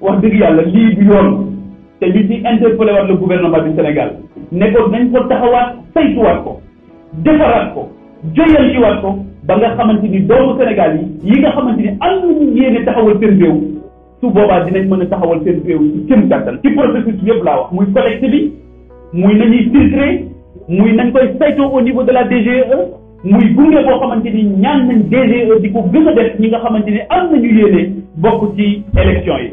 wax dëgg yàlla lii du yoon te ñu ci interpellé waat le gouvernement du Sénégal ne ko nañ ko taxawaat saytuwaat ko defaraat ko joyal ci waat ko ba nga xamante ni doomu Sénégal yi yi nga xamante ni am nañu yéene taxawal seen réew su boobaa dinañ mën a taxawal seen réew ci seen gàttal ci processus yëpp laa wax muy nañ koy saytoo au niveau de la DGE e, muy gunge boo xamante ni ñan nañ DGE e di ko gën a def ñi nga xamante ni am nañu yéene bokk ci élection yi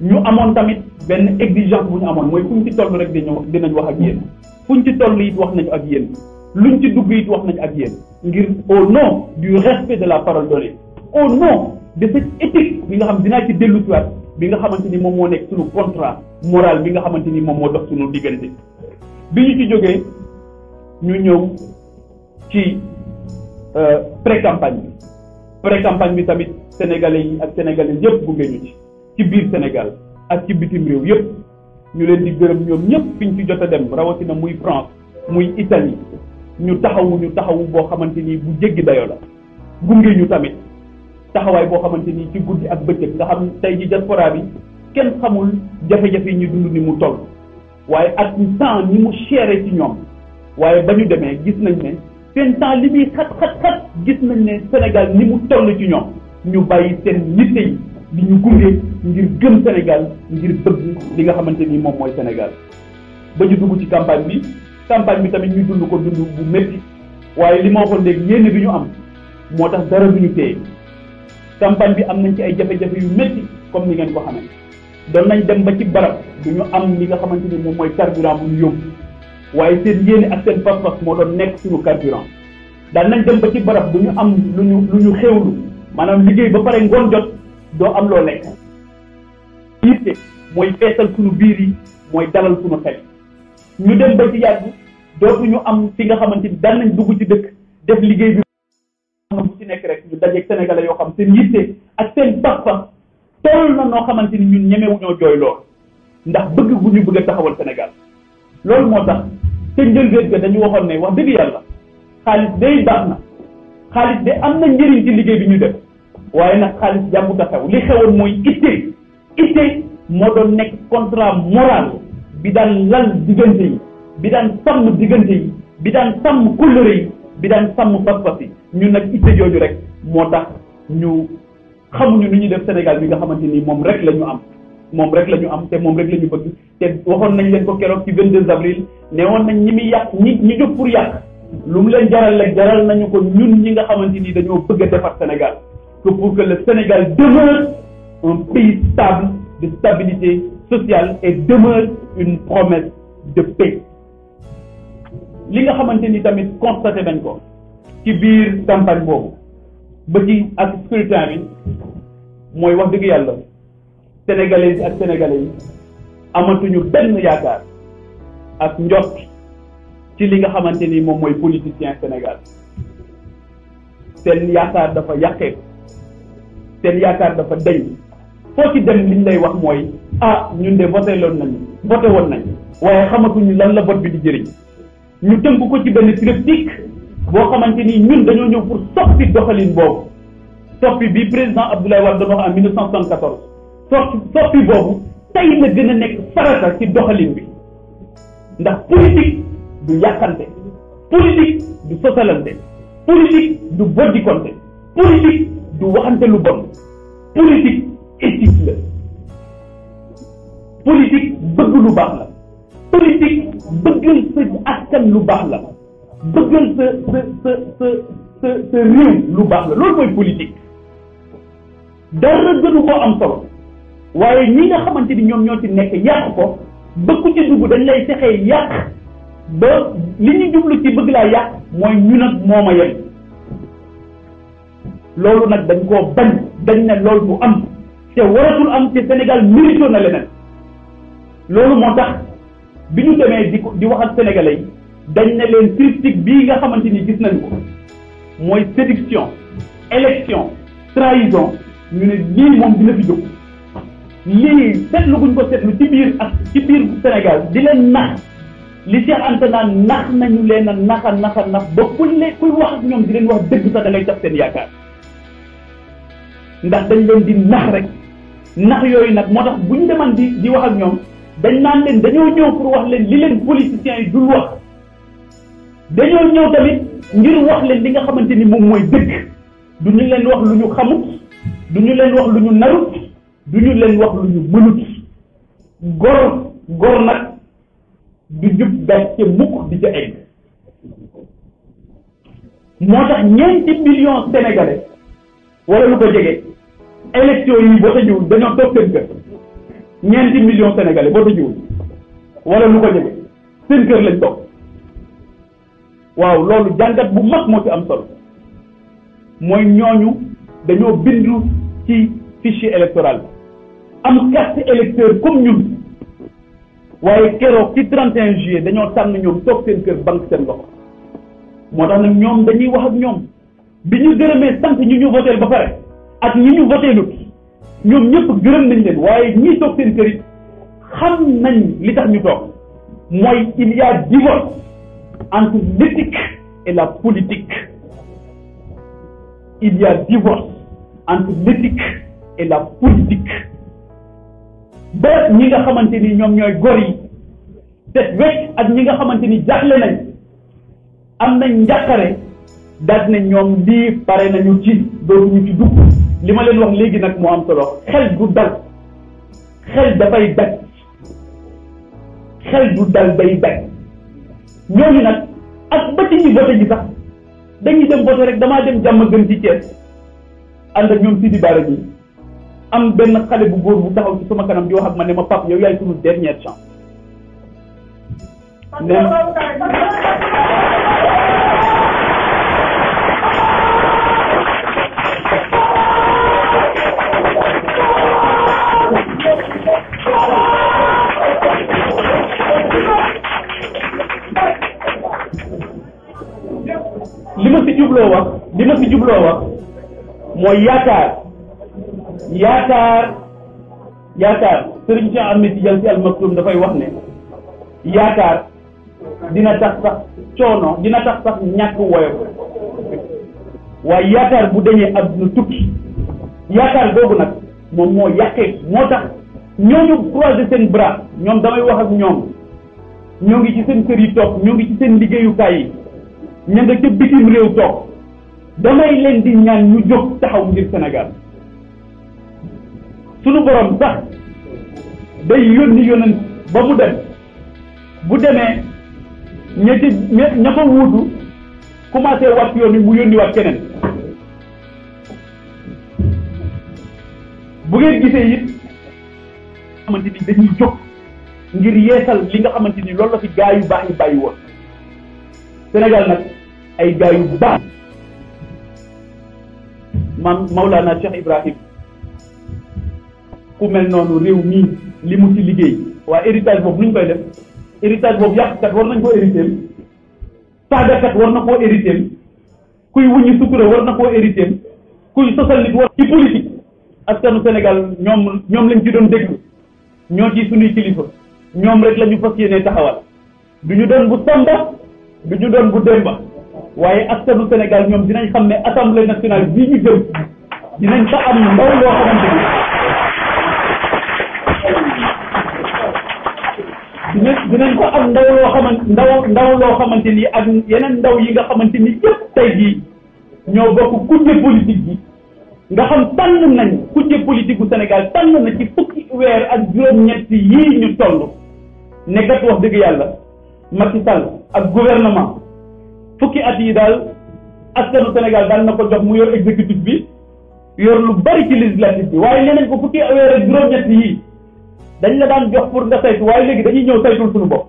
ñu amoon tamit benn exigence bu ñu amoon mooy fu ñu ci toll rek dañoo dinañ wax ak yéen fu ñu ci toll it wax nañu ak yéen luñ ci dugg it wax nañu ak yéen ngir au nom du respect de la parole donnée au nom de cette éthique bi nga xam dinaa ci dellu siwaat bi nga xamante ni moom moo nekk suñu contrat moral bi nga xamante ni moom moo dox suñu diggante bi ñu ci jógee ñu ñëw ci euh, pré campagne bi pré campagne bi tamit sénégalais yi ak sénégalais yëpp bu ñu ci ci biir Sénégal ak ci bitim réew yëpp ñu leen di gërëm ñoom ñëpp fi ñu ci jot a dem rawatina muy France muy Italie ñu taxawu ñu taxawu boo xamante ni bu jéggi dayo la gunge ñu tamit taxawaay boo xamante ni ci guddi ak bëccëg nga xam tey ji diaspora bi kenn xamul jafe-jafe yi dund ni mu toll waaye ak temps ni mu chéré ci ñoom waaye ba ñu demee gis nañ ne seen temps li muy xat xat xat gis nañ ne Sénégal ni mu toll ci ñoom ñu bàyyi seen yitte yi di ñu gungé ngir gëm Sénégal ngir bëgg li nga xamanteni mom moy Sénégal ba ñu dugg ci campagne bi campagne bi tamit ñu dund ko dund bu metti waaye li ma waxoon léegi yéene bi ñu am moo tax dara du ñu téye campagne bi am nañ ci ay jafe-jafe yu metti comme ni ngeen ko xamee doon nañ dem ba ci barab du ñu am li nga xamante ni moom mooy carburant bu ñu yóbbu waaye seen yéene ak seen pas-pas moo doon nekk suñu carburant daan nañ dem ba ci barab du ñu am lu ñu lu ñu xéewlu maanaam liggéey ba pare ngoon jot doo am loo lekk yitte mooy feesal sunu biir yi mooy dalal suñu xel ñu dem ba ci yàgg dootuñu am fi nga xamante ni daan nañ dugg ci dëkk def liggéey bi xam bu ci nekk rek ñu dajeeg sénégalais yoo xam seen yitte ak seen pas-pas toll na noo xamante ni ñun ñemewuñoo jooy lool ndax bëgg bu ñu bëgg a taxawal senegal loolu moo tax te njëlbéen ga dañu waxoon ne wax dëgg yàlla xaalis day baax na xaalis de am na njëriñ ci liggéey bi ñu def waaye nag xaalis jàmbut a xew li xewoon mooy itte itte moo doon nekk contrat moral bi daan lal diggante yi bi daan sàmm diggante yi bi daan sàmm kóllëre yi bi daan sàmm pas-pas yi ñun nag itte jooju rek moo tax ñu xam ñu nu ñuy def Sénégal bi nga xamante ni moom rek la ñu am moom rek la ñu am te moom rek la ñu bëgg te waxoon nañ leen ko keroog ci 22 avril ne woon nañ ñi muy yàq ñi ñi jóg pour yàq lu mu leen jaral rek jaral nañu ko ñun ñi nga xamante ni dañoo bëgg a defar Sénégal que pour que le Sénégal demeure un pays stable, de stabilité sociale et demeure une promesse de paix. li nga xamanteni tamit constaté nañ ko ci biir campagne boobu ba ci ak scrutin bi mooy wax dëgg yàlla sénégalais ak sénégalais yi amatuñu benn yaakaar ak njot ci li nga xamante ni moom mooy politicien Sénégal seen yaakaar dafa yàqeeku. seen yaakaar dafa dañ foo ci dem liñ lay wax mooy ah ñun de voté loon nañu voté woon nañ waaye xamatuñu lan la vote bi di jëriñ ñu tënk ko ci benn triptyque boo xamante ni ñun dañoo ñëw pour soppi doxalin boobu soppi bi président Abdoulaye Wade doon wax en 1974 soppi soppi boobu tey la gën a nekk farata ci doxalin bi ndax politique du yàqante politique du sosalante politique du boddikonte politique du waxante lu bon politique éthique la politique bëgg lu baax la politique bëggal sa askan lu baax la bëggal sa sa sa sa sa sa réew lu baax la loolu mooy politique dara gënu ko am solo waaye ñi nga xamante ni ñoom ñoo ci nekk yàq ko ba ku ci dugg dañ lay fexe yàq ba li ñu jublu ci bëgg laa yàq mooy ñu nag moo ma yem loolu nag dañ koo bañ dañ ne lool bu am te waratul am te Sénégal mérito na leneen loolu moo tax bi ñu demee di ko di wax ak sénégalais yi dañ ne leen critique bii nga xamante ni gis nañ ko mooy séduction élection trahison ñu ne lii moom dina fi jóg lii seetlu guñ ko seetlu ci biir ak ci biir Sénégal di leen nax li Cheikh Anta naan nax nañu leen a nax a nax a nax ba kuñ le kuy wax ak ñoom di leen wax dëgg sax da ngay tax seen yaakaar ndax dañ leen di nax rek nax yooyu nag moo tax buñ deman di di wax ak ñoom dañ naan leen dañoo ñëw pour wax leen li leen politiciens yi dul wax dañoo ñëw tamit ngir wax leen li nga xamante ni moom mooy dëgg du ñu leen wax lu ñu xamut du ñu leen wax lu ñu narut du ñu leen wax lu ñu mënut gor gor nag du jub gàcce mukk di ca egg moo tax ñeenti million sénégalais wala lu ko jege élection yi boo tëjuwul dañoo toog seen kër ñeenti million sénégalais boo tëjuwul wala lu ko jege seen kër lañ toog waaw loolu jàngat bu mag moo ci am solo mooy ñooñu dañoo bindu ci fichier électoral am carte électeur comme ñun waaye keroog ci 31 juillet dañoo tànn ñoom toog seen kër banque seen loxo moo tax nag ñoom dañuy wax ak ñoom bi ñu gërëmee sant ñu ñu voté ba pare. ak ñi ñu voteelut ñoom ñëpp gërëm nañ leen waaye ñi toog seen kër it xam nañ li tax ñu toog mooy il y a divorce entre l'éthique et la politique il y a divorce entre l'éthique et la politique ba ñi nga xamante ni ñoom ñooy gor yi def wecc ak ñi nga xamante ni jaaxle nañ am nañ njàqare daal na ñoom lii pare nañu ci dootuñu ci dugg li ma leen wax léegi nag moo am solo xel du dal xel dafay daj xel du dal bay daj ñooñu nag ak ba ci ñi voté ji sax dañuy dem voté rek damaa dem jàmm gën ci Thiès ànd ak ñoom Sidi Bara bi am benn xale bu góor bu taxaw ci sama kanam di wax ak ma ne ma pap yow yaay sunu dernière chance. jubloo wax li ma si jubloo wax mooy yaakaar yaakaar yaakaar sëriñ Cheikh Ahmed Tidiane Sy Al Maktoum dafay wax ne dina tax coono dina tax sax ñàkk woyof waaye bu dañee àdduna tukki yaakaar googu nag moom moo yàqee moo tax ñooñu croiser seen bras ñoom damay wax ak ñoom ñoo ngi ci seen kër yi toog ñoo ngi ci seen liggéeyukaay yi ña nga ca bitim réew toog damay leen di ñaan ñu jóg taxaw ngir senegal sunu borom sax day yónni yónent ba mu dem bu demee ña ca ña ña fa wuutu commencé wàcc yoon wi mu yónni waat keneen bu ngeen gisee it xamante ni dañuy jóg ngir yeesal li nga xamante ni loolu la fi gaa yu baax bàyyi woon Sénégal nag ay gars yu baax man Maulana Cheikh Ibrahim ku mel noonu réew mii li mu ci liggéey waa héritage boobu nuñ koy def héritage boobu yàqkat war nañ koo hérité saagakat war na koo hérité kuy wuñu sukkura war na koo hérité kuy sosal nit war ci politique askanu Sénégal ñoom ñoom lañ ci doon déglu ñoo ci suñuy kilifa ñoom rek lañu ñu fas yéenee taxawal du ñu doon bu somba du ñu doon bu démba waaye askanu Sénégal ñoom dinañ xam ne assemblée nationale bii ñu jëm dinañ fa am ndaw yoo dinañ dinañ ko am ndaw loo xamante ndaw ndaw loo xamante ni ak yeneen ndaw yi nga xamante ni yëpp tey ñoo bokk kujje politique bi nga xam tànn nañ kujje politique Sénégal tànn na ci fukki weer ak juróom-ñett yii ñu toll ne wax dëgg yàlla Macky Sall ak gouvernement fukki at yi daal askanu Sénégal daan na ko jox mu yor exécutif bi yor lu bari ci législatif bi waaye nee ko fukki weer ak juróom-ñett yii dañ la daan jox pour nga saytu waaye léegi dañuy ñëw saytul suñu bopp.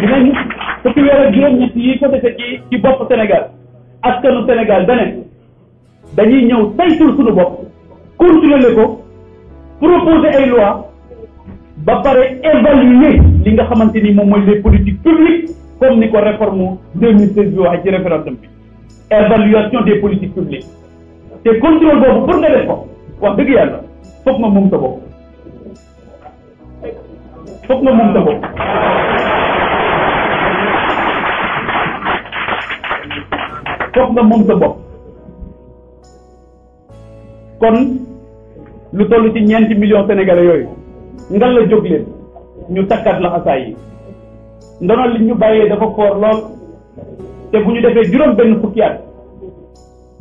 dinañ fukki weer ak juróom-ñett yii ko dese ci bopp Sénégal askanu Sénégal beneen dañuy ñëw saytul suñu bopp contrôler ko proposer ay loi ba pare évaluer li nga xamante ni moom mooy les politiques publiques comme ni ko réforme 2016 bi waxee ci référendum évaluation des politiques publiques te contrôle boobu pour nga def ko wax dëgg yàlla foog nga moom sa bopp foog nga moom sa bopp foog nga moom sa bopp kon lu toll ci ñeenti million sénégalais yooyu ngal la jóg leen ñu takkaat la xasaay yi ndono li ñu bàyyee dafa foor lool te bu ñu defee juróom benn fukki at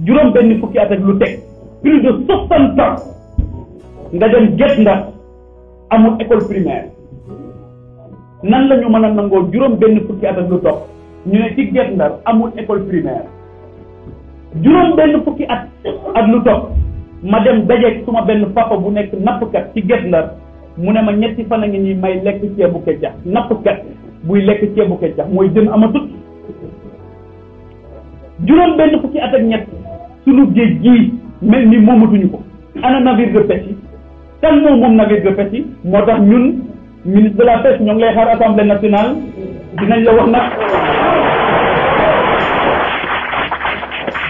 juróom benn fukki at ak lu teg plus de nga dem get ndax amul école primaire nan mën a nangoo juróom benn fukki at ak lu topp ñu ne ci Guet Ndar amul école primaire juróom benn fukki at ak lu topp ma dem dajeeg ma benn papa bu nekk nappkat ci Guet Ndar mu ne ma ñetti fan a ngi nii may lekk ceebu keccax nappkat buy lekk ceebu keccax mooy jën amatut juróom benn fukki at ak ñett sunu géej gii mel ni moomatuñu ko ana navire de pêche yi kan moo moom navire de pêche yi moo tax ñun ministre de la pêche ñoo ngi lay xaar assemblée nationale dinañ la wax nag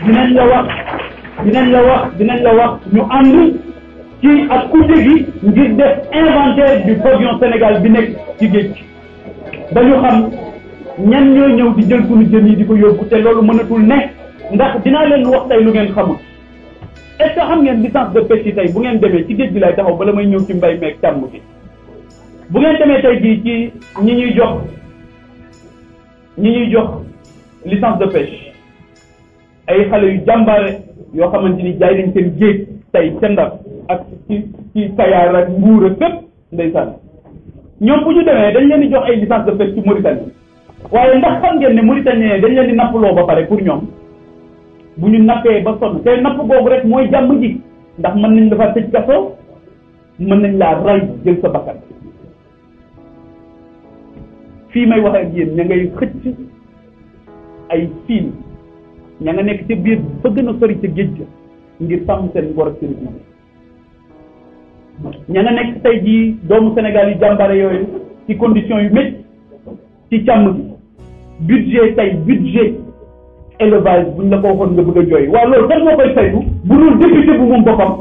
dinañ la wax dinañ la wax dinañ la wax ñu ànd ci ak kute gi ngir def inventaire du pavillon Sénégal bi nek ci géej gi dañu xam ñan ñoo ñew di jël suñu jën yi di ko yóbbu te loolu mënatul ne ndax dinaa leen wax tay lu ngeen xamul est-ce xam ngeen licence de pêche tay bu ngeen démé ci géej bi lay taxaw bala may ñew ci mbay mek tam bi bu ngeen démé tay jii ci ñi ñuy jox ñi ñuy jox licence de pêche ay xalé yu jambaré yo xamanteni ni jaay nañ seen géej tey ca Ndar ci ci tayaar ak mbuur ak fépp ndeysaan ñoom bu ñu demee dañ leen di jox ay licence de pêche ci Mauritanie waaye ndax xam ngeen ne Mauritanie dañ leen di nappaloo ba pare pour ñoom bu ñu nappee ba sonn te napp googu rek mooy jàmm ji ndax mën nañ dafa tëj kaso mën nañ laa ray jël sa bakkan fii may wax ak yéen ña ngay xëcc ay fiin ña nga nekk ci biir bëgg na sori ca géej ngir sàmm seen ngor ak seen ña nga nekk tey jii doomu Sénégal yi jàmbare yooyu ci condition yu métti ci càmm gi budget tey budget élevage buñ la ko waxoon nga bëgg a jooy waaw loolu kan moo koy saytu bu dul député bu moom boppam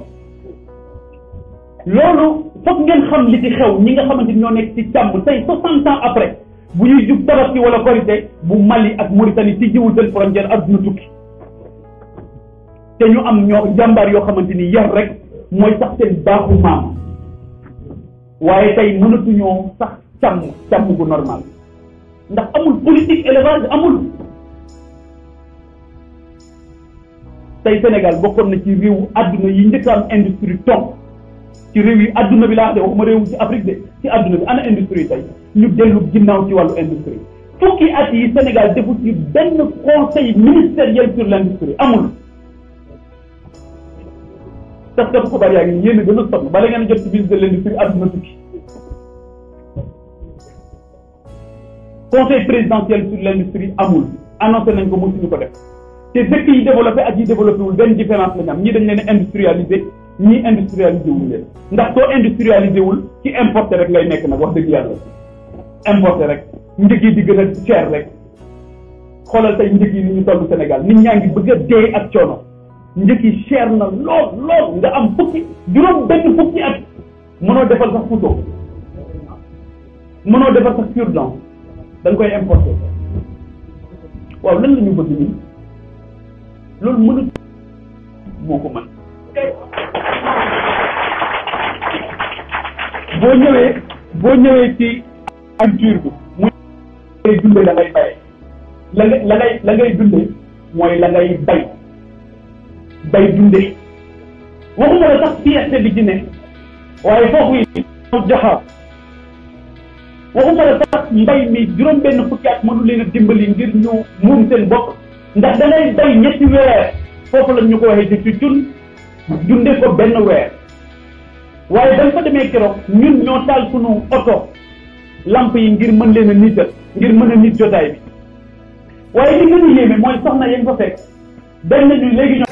loolu foog ngeen xam li ci xew ñi nga xamante ñoo nekk ci càmm tey soixante ans après bu ñuy jub tabaski wala korité bu Mali ak Mauritanie ci jiwul seen frontière adduna tukki te ñu am ñoo jàmbaar yoo xamante ni yar rek mooy sax seen baaxu maam waaye tey mënatuñoo sax càmm càmm gu normal ndax amul politique élevage amul tey Sénégal bokkoon na ci réew àdduna yi njëkk am industrie tomb ci réew yi àdduna bi laa de ma réew ci Afrique de ci àdduna bi ana industrie tey ñu dellu ginnaaw ci wàllu industrie fukki at yi Sénégal defu ci benn conseil ministériel sur l' amul tax tax xibaar yaa ngi yéen a gën a sonn bala ngeen jot ci bis de l'industrie àdduna tukki conseil présidentiel sur l'industrie amul annoncé nañ ko mësuñu ko def te dëkk yi développé ak yi développé wul benn différence la ñu am ñii dañ leen industrialisé ñii industrialisé wul leen ndax soo industrialisé wul ci importé rek ngay nekk nag wax dëgg yàlla importé rek njëg yi di gën a cher rek xoolal tey njëg yi ni ñu toll Sénégal nit ñaa ngi bëgg a dee ak coono njëkk yi na lool lool nga am fukki juróom benn fukki at mënoo defal sax photo mënoo defal sax cure-dent da nga koy importer waaw lan la ñu bëgg nii loolu mënut moo ko mën boo ñëwee boo ñëwee ci culture bi muy la ngay dundee la ngay bay la ngay la ngay dundee mooy la ngay bay bay dunde waxuma la sax fierté bi ci ne waaye foofu yi joxaw waxuma la sax mbay mi juróom benn fukki at mënu leen a dimbali ngir ñu muum seen bopp ndax da bay ñetti weer foofu la ñu ko waxee ci cun dunde ko benn weer waaye dañ fa demee keroog ñun ñoo taal sunu oto lamp yi ngir mën leen a niital ngir mën a nit jotaay bi waaye li gën a yéeme mooy soxna yéen ko fekk dañ nañu léegi ñoo